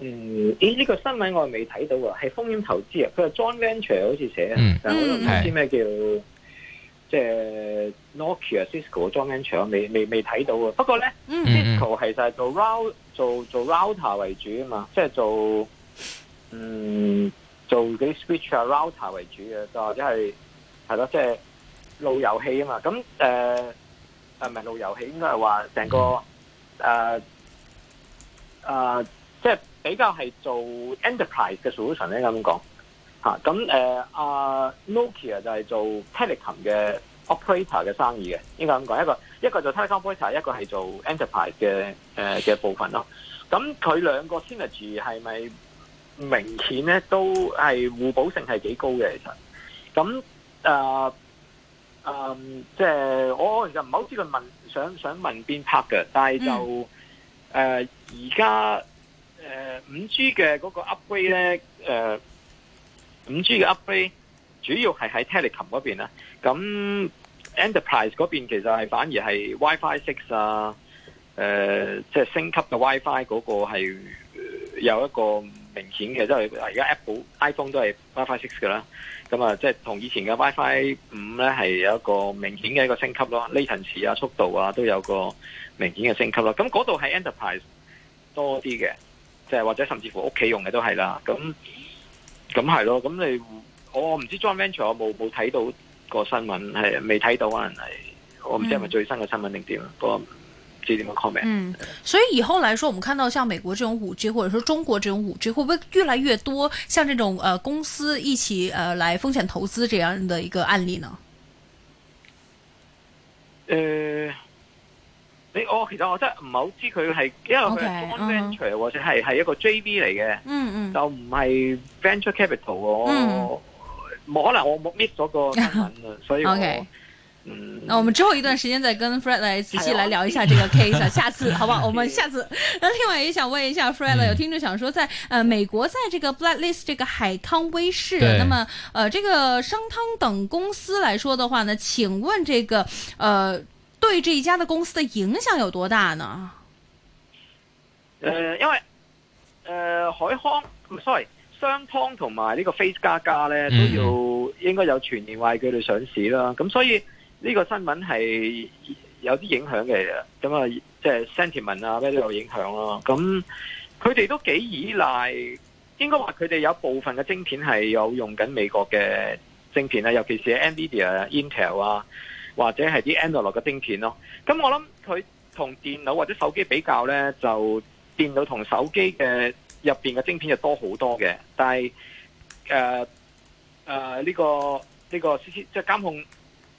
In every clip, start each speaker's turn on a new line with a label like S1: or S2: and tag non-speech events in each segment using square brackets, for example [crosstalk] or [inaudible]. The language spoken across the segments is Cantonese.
S1: 嗯，咦？呢、這個新聞我未睇到啊，係風險投資啊。佢話 John Venture 好似寫，嗯、但係我唔知咩叫即係 Nokia、就是、Nokia, Cisco John Venture、John Venture，未未未睇到啊。不過咧、嗯、Cisco 其、嗯、就係做 rou 做做 router 為主啊嘛，即係做嗯做啲 switch 啊 router 為主嘅，或者係係咯，即係、就是、路由器啊嘛。咁誒誒，唔、呃、路由器，應該係話成個誒誒。嗯呃呃即係比較係做 enterprise 嘅 solution 咧咁講嚇，咁誒阿 Nokia 就係做 telecom 嘅 operator 嘅生意嘅，應該咁講一個一個做 telecom operator 一個係做 enterprise 嘅誒嘅部分咯。咁、啊、佢兩個 synergy 係咪明顯咧都係互補性係幾高嘅其實。咁誒誒，即、啊、係、就是、我其實唔係好知佢問想想問邊 part 嘅，但係就誒而家。嗯呃誒、呃，五 G 嘅嗰個 upgrade 咧，誒、呃，五 G 嘅 upgrade 主要係喺 telecom 嗰邊啦。咁 enterprise 嗰邊其實係反而係 WiFi six 啊，誒、呃、即、就、係、是、升級嘅 WiFi 嗰個係有一個明顯嘅，即係而家 Apple iPhone 都係 WiFi six 噶啦。咁啊，即係同以前嘅 WiFi 五咧係有一個明顯嘅一個升級咯，latency 啊、速度啊都有一個明顯嘅升級啦。咁嗰度係 enterprise 多啲嘅。或者甚至乎屋企用嘅都係啦，咁咁係咯，咁你我唔知 John Venture 有冇冇睇到個新聞，係未睇到可能係，我唔知係咪最新嘅新聞定點，個唔知點樣
S2: comment。所以以後來說，我們看到像美國這種五 G，或者說中國這種五 G，會不會越來越多像這種誒公司一起誒來風險投資這樣的一個案例呢？誒、嗯。
S1: 你、哦、我其實我真唔係好知佢係，因為佢 venture 或者係一個 JV 嚟嘅，就唔係 venture capital、嗯、我冇可能我冇 miss 咗個新聞、啊、所以我、okay. 嗯。
S2: 那我們之後一段時間再跟 Fred 來仔細來聊一下這個 case，下次， [laughs] 好唔好？我們下次。另外也想問一下 Fred、嗯、有聽眾想說在，在呃美國，在這個 Blacklist 這個海康威視，那麼呃這個商湯等公司來說的話呢？請問這個呃。對這一家的公司的影響有多大呢？誒、呃，
S1: 因為誒、呃，海康 sorry，商湯同埋呢個 Face 加加咧都要應該有全年壞佢哋上市啦。咁所以呢個新聞係有啲影響嘅，咁啊即係 sentiment 啊咩都有影響咯、啊。咁佢哋都幾依賴，應該話佢哋有部分嘅晶片係有用緊美國嘅晶片啦，尤其是 NVIDIA、Intel 啊。或者係啲 analog 嘅晶片咯，咁我諗佢同電腦或者手機比較咧，就電腦同手機嘅入邊嘅晶片就多好多嘅，但係誒誒呢個呢、這個即係、就是、監控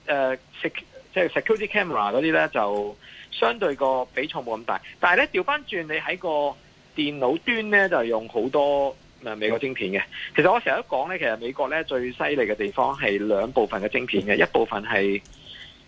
S1: 誒 sec 即係 security camera 嗰啲咧，就相對個比重冇咁大。但係咧調翻轉，你喺個電腦端咧就是、用好多誒美國晶片嘅。其實我成日都講咧，其實美國咧最犀利嘅地方係兩部分嘅晶片嘅，一部分係。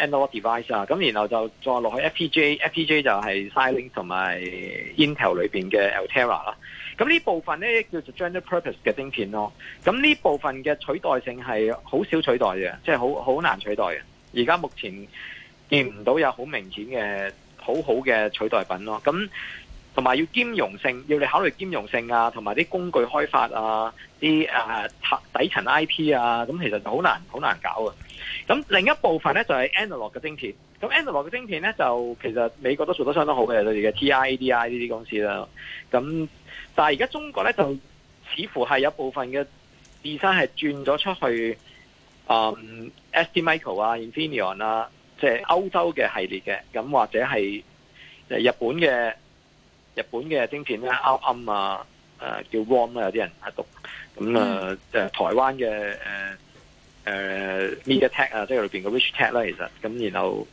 S1: Android device 啊，咁然後就再落去 FPGA，FPGA 就係 Xilinx 同埋 Intel 裏邊嘅 Altera 啦。咁呢部分咧叫做 general purpose 嘅晶片咯。咁呢部分嘅取代性係好少取代嘅，即係好好難取代嘅。而家目前見唔到有好明顯嘅好好嘅取代品咯。咁。同埋要兼容性，要你考慮兼容性啊，同埋啲工具開發啊，啲誒、啊、底層 IP 啊，咁其實就好難好難搞啊。咁另一部分咧就係、是、Analog 嘅晶片，咁 Analog 嘅晶片咧就其實美國都做得相當好嘅，例如嘅 TIDI 呢啲公司啦。咁但係而家中國咧就似乎係有部分嘅 design 係轉咗出去、嗯、，STMicro 啊、Infineon 啊，即係歐洲嘅系列嘅，咁或者係日本嘅。日本嘅晶片咧 RAM 啊，誒叫 ROM 啊，有啲人喺讀，咁啊台灣嘅誒 MediaTek 啊，MediaTek, 即係裏面嘅 RichTech 啦，其實咁然後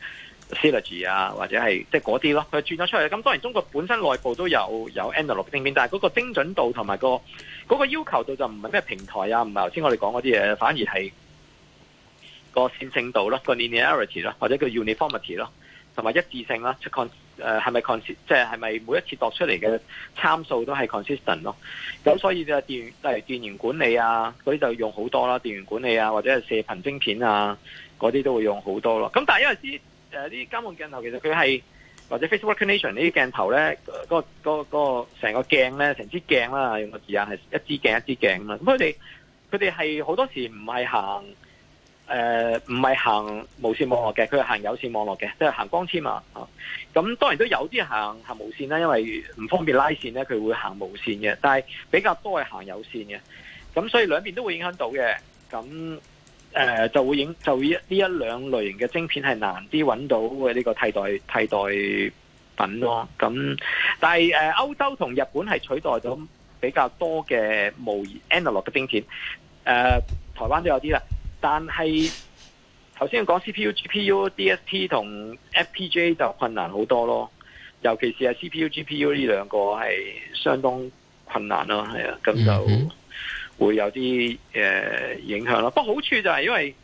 S1: Silergy 啊，或者係即係嗰啲咯，佢、就是、轉咗出嚟咁當然中國本身內部都有有 analog 嘅晶片，但係嗰個精準度同埋、嗰個嗰、嗰個要求度就唔係咩平台啊，唔係頭先我哋講嗰啲嘢，反而係個線性度啦，個 linearity 啦，或者叫 uniformity 咯，同埋一致性啦，出 c 誒係咪 con 即係係咪每一次度出嚟嘅參數都係 consistent 咯？咁所以就電誒電源管理啊，嗰啲就用好多啦。電源管理啊，或者係射頻晶片啊，嗰啲都會用好多咯。咁但係因為啲誒啲監控鏡頭其實佢係或者 face recognition 呢啲鏡頭咧，個、個、個成個鏡咧，成支鏡啦，用個字眼係一支鏡一支鏡啦。咁佢哋佢哋係好多時唔係行。誒，唔係行無線網絡嘅，佢係行有線網絡嘅，即係行光纖啊！咁當然都有啲行行無線啦，因為唔方便拉線咧，佢會行無線嘅。但係比較多係行有線嘅，咁所以兩邊都會影響到嘅。咁誒，就會影就呢一兩類型嘅晶片係難啲揾到嘅呢個替代替代品咯。咁但係誒，歐洲同日本係取代咗比較多嘅模擬 analog 嘅晶片，誒，台灣都有啲啦。但係頭先講 CPU GPU DSP 同 FPGA 就困難好多咯，尤其是係 CPU GPU 呢兩個係相當困難咯，係啊，咁就會有啲誒、呃、影響咯。不過好處就係因為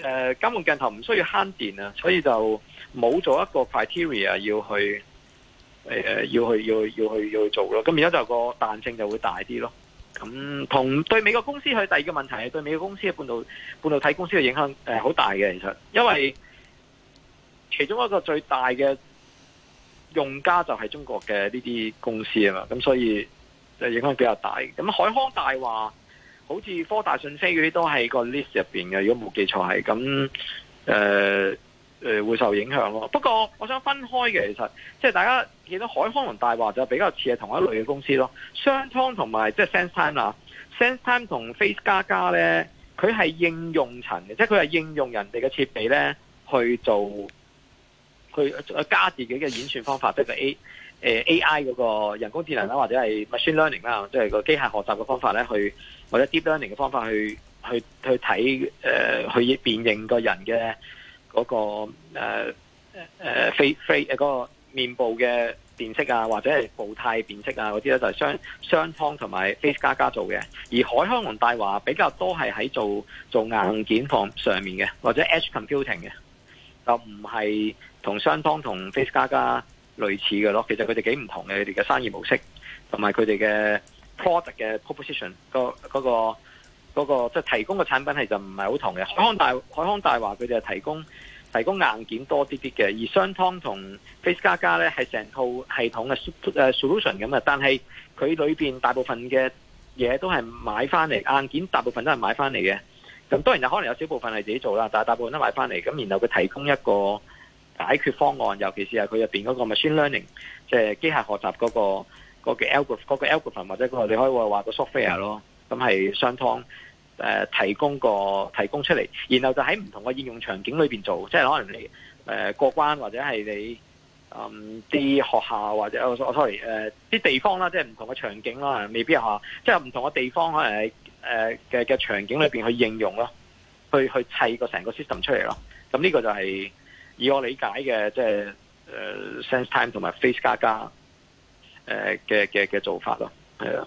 S1: 誒監控鏡頭唔需要慳電啊，所以就冇咗一個 criteria 要去誒、呃、要去要要去要，去要，去要去做咯。咁而家就個彈性就會大啲咯。咁同對美國公司，去第二個問題，係對美國公司嘅半導半導體公司嘅影響誒好、呃、大嘅，其實因為其中一個最大嘅用家就係中國嘅呢啲公司啊嘛，咁所以影響比較大。咁海康大話，好似科大訊飛啲都係個 list 入邊嘅，如果冇記錯係咁誒。誒會受影響咯。不過我想分開嘅，其實即係大家見到海康同大華就比較似係同一類嘅公司咯。商湯同埋即係 SenseTime 啊，SenseTime 同 Face 加加咧，佢係應用層嘅，即係佢係應用人哋嘅設備咧去做去加自己嘅演算方法，即係 A 誒 AI 嗰個人工智能啦，或者係 machine learning 啦，即係個機械學習嘅方法咧，去或者 deep learning 嘅方法去去去睇、呃、去辨認個人嘅。嗰、那個誒誒 Face Face 誒嗰個面部嘅辨識啊，或者係步態辨識啊嗰啲咧，那些就係商商湯同埋 Face 加加做嘅。而海康同大華比較多係喺做做硬件方上面嘅，或者 Edge Computing 嘅，就唔係同商湯同 Face 加加類似嘅咯。其實佢哋幾唔同嘅，佢哋嘅商業模式同埋佢哋嘅 product 嘅 proposition r p o、那、嗰嗰個。嗰、那個即係、就是、提供嘅產品其實唔係好同嘅。海康大海康大華佢哋係提供提供硬件多啲啲嘅，而商湯同 Face 加加咧係成套系統嘅 solution 咁啊。但係佢裏面大部分嘅嘢都係買翻嚟，硬件大部分都係買翻嚟嘅。咁當然有可能有少部分係自己做啦，但係大部分都買翻嚟。咁然後佢提供一個解決方案，尤其是係佢入面嗰個 machine learning，即係機械學習嗰、那個嗰、那個 algorithm 或者嗰、那個、你可以話個 software 咯。咁係商湯誒、呃、提供個提供出嚟，然後就喺唔同嘅應用場景裏面做，即係可能你誒、呃、過關，或者係你嗯啲學校或者我我、哦、sorry 啲、呃、地方啦，即係唔同嘅場景啦，未必係，即係唔同嘅地方誒誒嘅嘅場景裏面去應用咯，去去砌個成個 system 出嚟咯。咁、嗯、呢、這個就係、是、以我理解嘅即係誒、呃、SenseTime 同埋 Face 加加誒嘅嘅嘅做
S2: 法咯，係啊。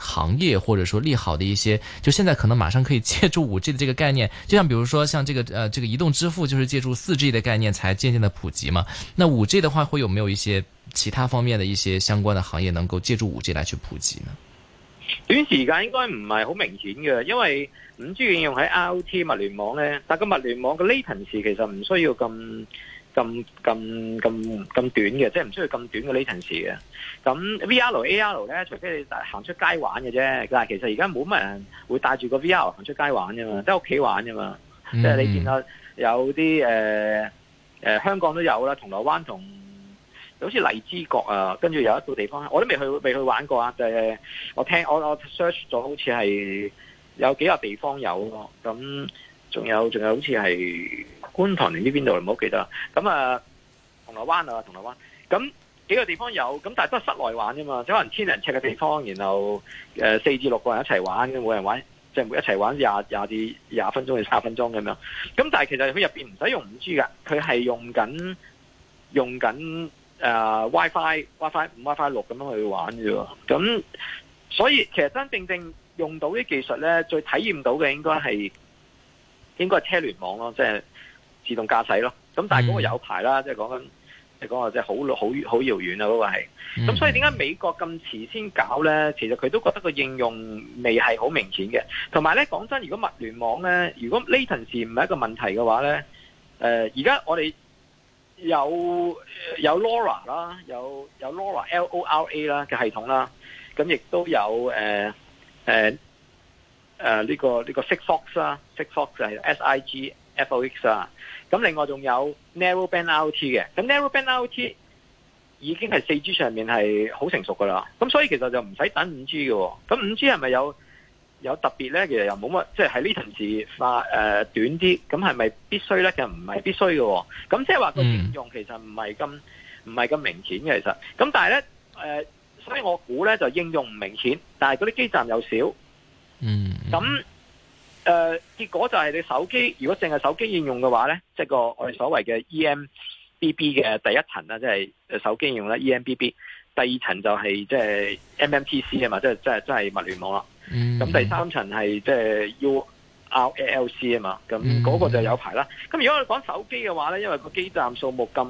S2: 行業或者說利好的一些，就現在可能馬上可以借助 5G 的這個概念，就像比如說像這個呃這個移動支付，就是借助 4G 的概念才漸漸的普及嘛。那 5G 的話，會有沒有一些其他方面的一些相關的行業能夠借助 5G 來去普及呢？
S1: 短時間應該唔係好明顯嘅，因為 5G 應用喺 IoT 物聯網呢，但個物聯網嘅 latency 其實唔需要咁。咁咁咁咁短嘅，即係唔需要咁短嘅 latency 嘅。咁 V R A R 咧，除非你行出街玩嘅啫。但係其實而家冇乜人會帶住個 V R 行出街玩噶嘛，即喺屋企玩噶嘛。即、嗯、係你見到有啲誒誒，香港都有啦，銅鑼灣同好似荔枝角啊。跟住有一個地方，我都未去未去玩過啊。誒、就係，我聽我我 search 咗，好似係有幾個地方有咁，仲有仲有好似係。觀塘定呢邊度，唔好記得啦。咁啊，銅鑼灣啊，銅鑼灣。咁幾個地方有，咁但係都係室內玩啫嘛，即可能千零尺嘅地方，然後誒四至六個人一齊玩，每人玩即係、就是、一齊玩廿廿至廿分鐘至卅分鐘咁樣。咁但係其實佢入邊唔使用五 G 㗎，佢係用緊用緊誒、呃、WiFi WiFi 五 WiFi 六咁樣去玩啫。咁所以其實真正正用到啲技術咧，最體驗到嘅應該係應該係車聯網咯，即、就、係、是。自動駕駛咯，咁但係嗰個有排啦，即係講緊，你講話即係好好好遙遠啊，嗰個係。咁所以點解美國咁遲先搞咧？其實佢都覺得個應用未係好明顯嘅。同埋咧，講真，如果物聯網咧，如果 latency 唔係一個問題嘅話咧，誒、呃，而家我哋有有 Lora 啦，有 LORA，有，有 Lora L O R A 啦嘅系統啦，咁亦都有誒誒誒呢個呢、呢個 six fox 啦 six fox 係 S I G F O X 啊。咁另外仲有 Narrowband IoT 嘅，咁 Narrowband IoT 已經係四 G 上面係好成熟噶啦，咁所以其實就唔使等五 G 嘅。咁五 G 係咪有有特別咧？其實又冇乜，即係喺呢層時發短啲，咁係咪必須咧？其實唔係必須嘅。咁即係話個應用其實唔係咁唔係咁明顯嘅，其實咁但係咧、呃、所以我估咧就應用唔明顯，但係嗰啲基站又少。嗯,嗯。咁。誒、呃，結果就係你手機如果淨係手機應用嘅話咧，即係個我哋所謂嘅 EMBB 嘅第一層啦，即係誒手機應用啦 EMBB，第二層就係即係 MMTC 啊、就、嘛、是，即係即係即係物聯網啦。咁、嗯、第三層係即係 URLC 啊嘛，咁嗰個就有排啦。咁、嗯、如果我哋講手機嘅話咧，因為個基站數目咁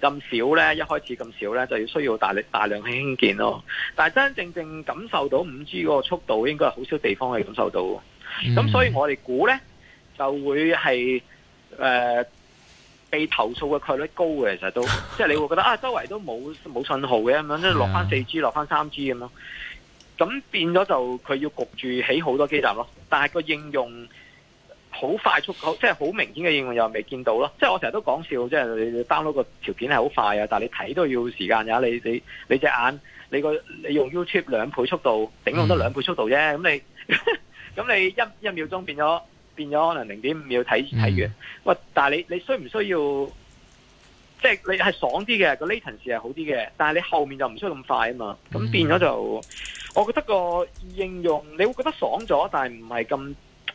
S1: 咁少咧，一開始咁少咧，就要需要大力大量去興建咯。但係真真正正感受到五 G 嗰個速度，應該係好少地方可以感受到。咁、嗯、所以我哋估呢，就會係誒、呃、被投訴嘅概率高嘅，其實都 [laughs] 即係你會覺得啊，周圍都冇冇信號嘅咁樣，即係落翻四 G，落翻三 G 咁咯。咁變咗就佢要焗住起好多基站咯。但係個應用好快速，即係好明顯嘅應用又未見到咯。即係我成日都講笑，即係你 download 個條片係好快啊，但係你睇都要時間呀。你你你隻眼，你個你用 YouTube 兩倍速度，頂多都兩倍速度啫。咁、嗯、你。 [laughs] 咁你一一秒鐘變咗變咗可能零點五秒睇睇完，喂！但係你你需唔需要？即係你係爽啲嘅，個 latency 係好啲嘅，但係你後面就唔需要咁快啊嘛！咁變咗就，我覺得個應用你會覺得爽咗，但係唔係咁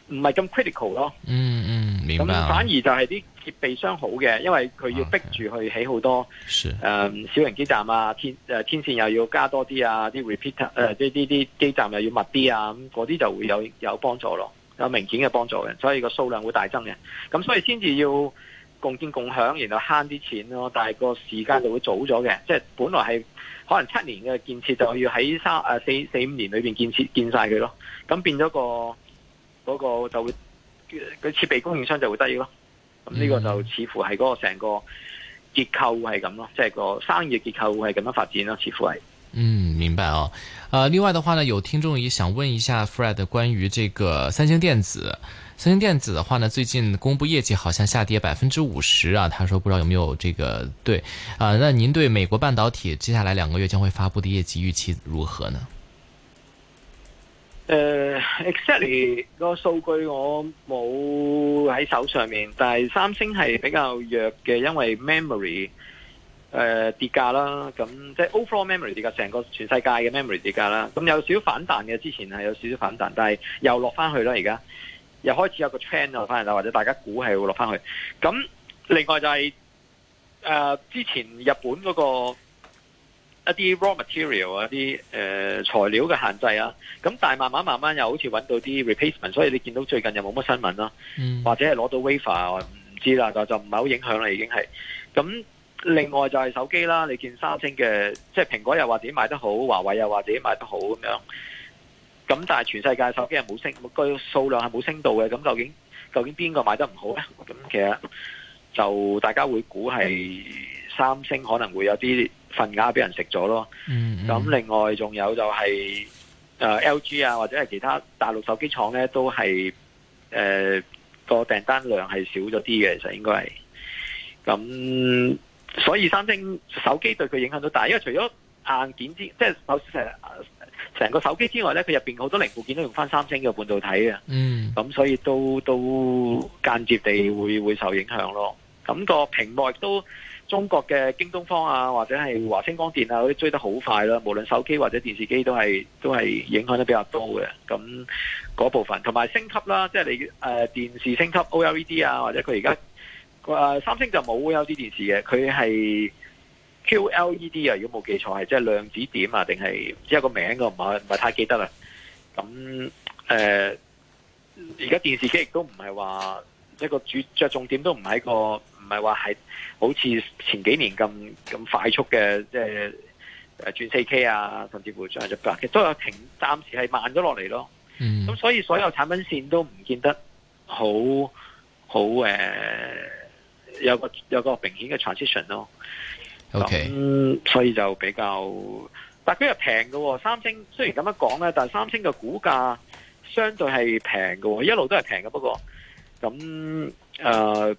S1: 唔係咁 critical 咯。嗯嗯。
S2: 咁反而
S1: 就係啲設備商好嘅，因為佢要逼住去起好多，誒、
S2: okay.
S1: 嗯、小型基站啊，天、呃、天線又要加多啲啊，啲 repeater 誒即係啲啲基站又要密啲啊，咁嗰啲就會有有幫助咯，有明顯嘅幫助嘅，所以個數量會大增嘅，咁所以先至要共建共享，然後慳啲錢咯，但係個時間就會早咗嘅，即係本來係可能七年嘅建設就要喺三誒四四五年裏面建設建晒佢咯，咁變咗個嗰、嗰個就會。佢設備供應商就會得意咯，咁呢個就似乎係嗰個成個結構會係咁咯，即係個生意嘅結構係咁樣發展咯，似乎係。
S2: 嗯，明白啊、哦呃。另外的話呢，有聽眾也想問一下 Fred 關於這個三星電子。三星電子的話呢，最近公布業績好像下跌百分之五十啊。佢話，不知道有冇有呢、這個對啊、呃？那您對美國半導體接下來兩個月將會發布的業績預期如何呢？
S1: 誒、uh, exactly 個數據我冇喺手上面，但係三星係比較弱嘅，因為 memory 誒、呃、跌價啦，咁即係 overall memory 跌價，成個全世界嘅 memory 跌價啦，咁有少少反彈嘅，之前係有少少反彈，但係又落翻去啦，而家又開始有個 trend 落翻去，又或者大家估係會落翻去，咁另外就係、是、誒、呃、之前日本嗰、那個。一啲 raw material 啊，啲、呃、誒材料嘅限制啊，咁但係慢慢慢慢又好似揾到啲 replacement，所以你見到最近又冇乜新聞咯、啊嗯，或者係攞到 wafer 唔知啦，就就唔係好影響啦已經係。咁另外就係手機啦，你見三星嘅即係蘋果又話自己賣得好，華為又話自己賣得好咁樣。咁但係全世界手機係冇升，個數量係冇升到嘅，咁究竟究竟邊個賣得唔好咧？咁其實就大家會估係三星可能會有啲。份額俾人食咗咯，咁、嗯嗯、另外仲有就係、是、誒、呃、LG 啊，或者係其他大陸手機廠咧，都係誒個訂單量係少咗啲嘅，其實應該係。咁所以三星手機對佢影響都大，因為除咗硬件，之，即係成成個手機之外咧，佢入邊好多零部件都用翻三星嘅半導體啊。嗯，咁所以都都間接地會會受影響咯。咁、個屏幕亦都。中國嘅京東方啊，或者係華星光電啊，嗰啲追得好快啦。無論手機或者電視機都係都係影響得比較多嘅。咁嗰部分，同埋升級啦，即係你、呃、電視升級 OLED 啊，或者佢而家三星就冇 OLED 電視嘅，佢係 QLED 啊，如果冇記錯係即係量子點啊，定係唔知個名我唔係唔係太記得啦。咁誒而家電視機亦都唔係話一個主著重點都唔係一個。唔係話係好似前幾年咁咁快速嘅，即係轉四 K 啊，甚至乎上一級，其實都有停，暫時係慢咗落嚟咯。咁、嗯、所以所有產品線都唔見得好好誒、呃，有個有個明顯嘅 transition 咯。咁、okay. 所以就比較，但係佢又平嘅。三星雖然咁樣講咧，但係三星嘅股價相對係平嘅，一路都係平嘅。不過咁誒。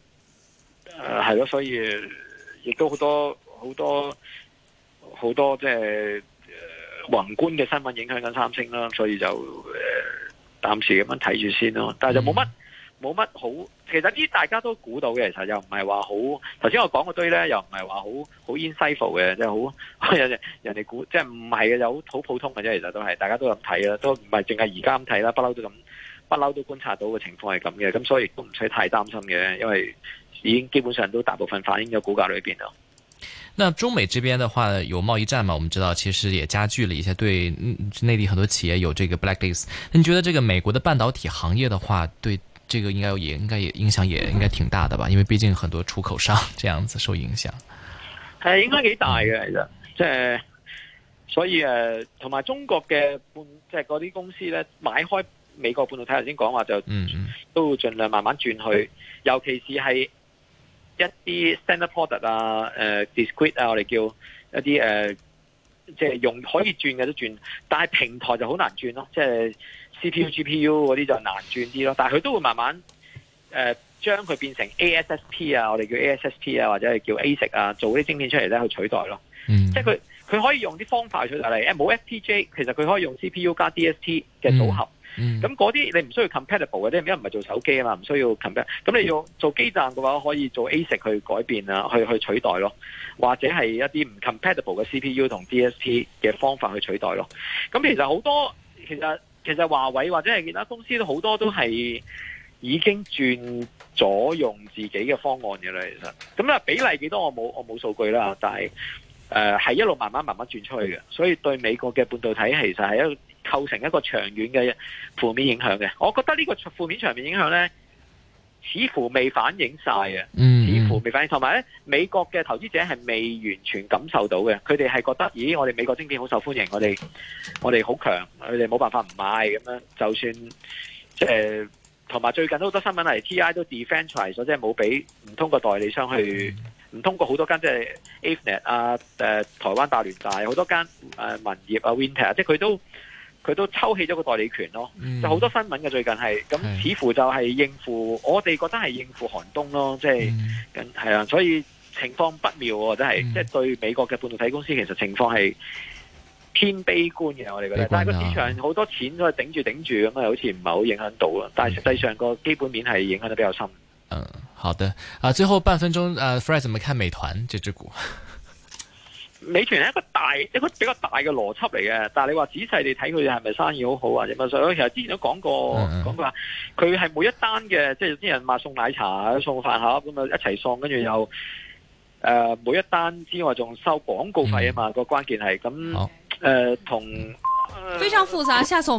S1: 誒、呃，係咯，所以亦都好多好多好多即係、就是呃、宏觀嘅新聞影響緊三星啦，所以就誒、呃、暫時咁樣睇住先咯。但係就冇乜冇乜好，其實啲大家都估到嘅，其實又唔係話好。頭先我講嗰堆咧，又唔係話好好 in cycle 嘅，即係好人哋人哋估，即係唔係嘅有好普通嘅啫。其實都係，大家都咁睇啦，都唔係淨係而家咁睇啦，不嬲都咁不嬲都觀察到嘅情況係咁嘅，咁所以亦都唔使太擔心嘅，因為。已經基本上都大部分反映喺股價裏邊咯。
S2: 那中美這邊的話有貿易戰嘛？我們知道其實也加劇了一些對內地很多企業有這個 blacklist。你覺得這個美國的半導體行業的話，對這個應該也應該也影響也應該，也應該，也應該也挺大的吧？因為畢竟很多出口商這樣子受影響。
S1: 係應該幾大嘅，其實即係所以誒，同埋中國嘅半即係嗰啲公司咧，買開美國半導體頭先講話就嗯都盡量慢慢轉去，嗯、尤其是係。一啲 standard product 啊，誒、呃、discrete 啊，我哋叫一啲誒，即、呃、係、就是、用可以轉嘅都轉，但係平台就好難轉咯，即係 CPU、嗯、GPU 啲就難轉啲咯，但係佢都會慢慢誒、呃、將佢變成 ASSP 啊，我哋叫 ASSP 啊，或者係叫 ASIC 啊，做啲晶片出嚟咧去取代咯、嗯，即係佢佢可以用啲方法去取代嚟，誒冇 FPJ，其實佢可以用 CPU 加 DSP 嘅組合。嗯咁嗰啲你唔需要 compatible 嘅，即係而家唔係做手機啊嘛，唔需要 compatible。咁你要做基站嘅話，可以做 ASIC 去改變啊，去去取代咯，或者係一啲唔 compatible 嘅 CPU 同 DSP 嘅方法去取代咯。咁其實好多，其實其實華為或者係其他公司都好多都係已經轉咗用自己嘅方案嘅啦。其實咁啊，比例幾多我冇我冇數據啦，但係。誒、呃，係一路慢慢慢慢轉出去嘅，所以對美國嘅半導體其實係一個構成一個長遠嘅負面影響嘅。我覺得呢個負面長遠影響咧，似乎未反映晒嘅，mm -hmm. 似乎未反映。同埋咧，美國嘅投資者係未完全感受到嘅，佢哋係覺得，咦，我哋美國晶片好受歡迎，我哋我哋好強，佢哋冇辦法唔買咁樣。就算即係同埋最近都好多新聞係 TI 都 defensive 咗，即係冇俾唔通過代理商去。Mm -hmm. 唔通過好多間，即係 Avnet 啊，誒、啊、台灣大聯大好多間誒民業啊，Winter，啊，Winter，即係佢都佢都抽起咗個代理權咯、嗯。就好多新聞嘅、啊、最近係咁，似乎就係應付是我哋覺得係應付寒冬咯，即係係啊，所以情況不妙喎、啊，真係即係對美國嘅半導體公司其實情況係偏悲觀嘅，我哋覺得。啊、但係個市場好多錢都係頂住頂住咁啊，好似唔係好影響到啊。但係實際上個基本面係影響得比較深。嗯
S2: 好的，啊，最後半分鐘，啊，Fred，怎麼看美團這隻股？
S1: 美團係一個大一個比較大嘅邏輯嚟嘅，但係你話仔細哋睇佢係咪生意好好啊？亦咪所以其實之前都講過，講、嗯嗯、過話佢係每一單嘅，即係有啲人話送奶茶、送飯盒咁啊，一齊送，跟住又誒每一單之外仲收廣告費啊嘛，個、嗯、關鍵係咁誒同
S2: 非常複雜，下次我們。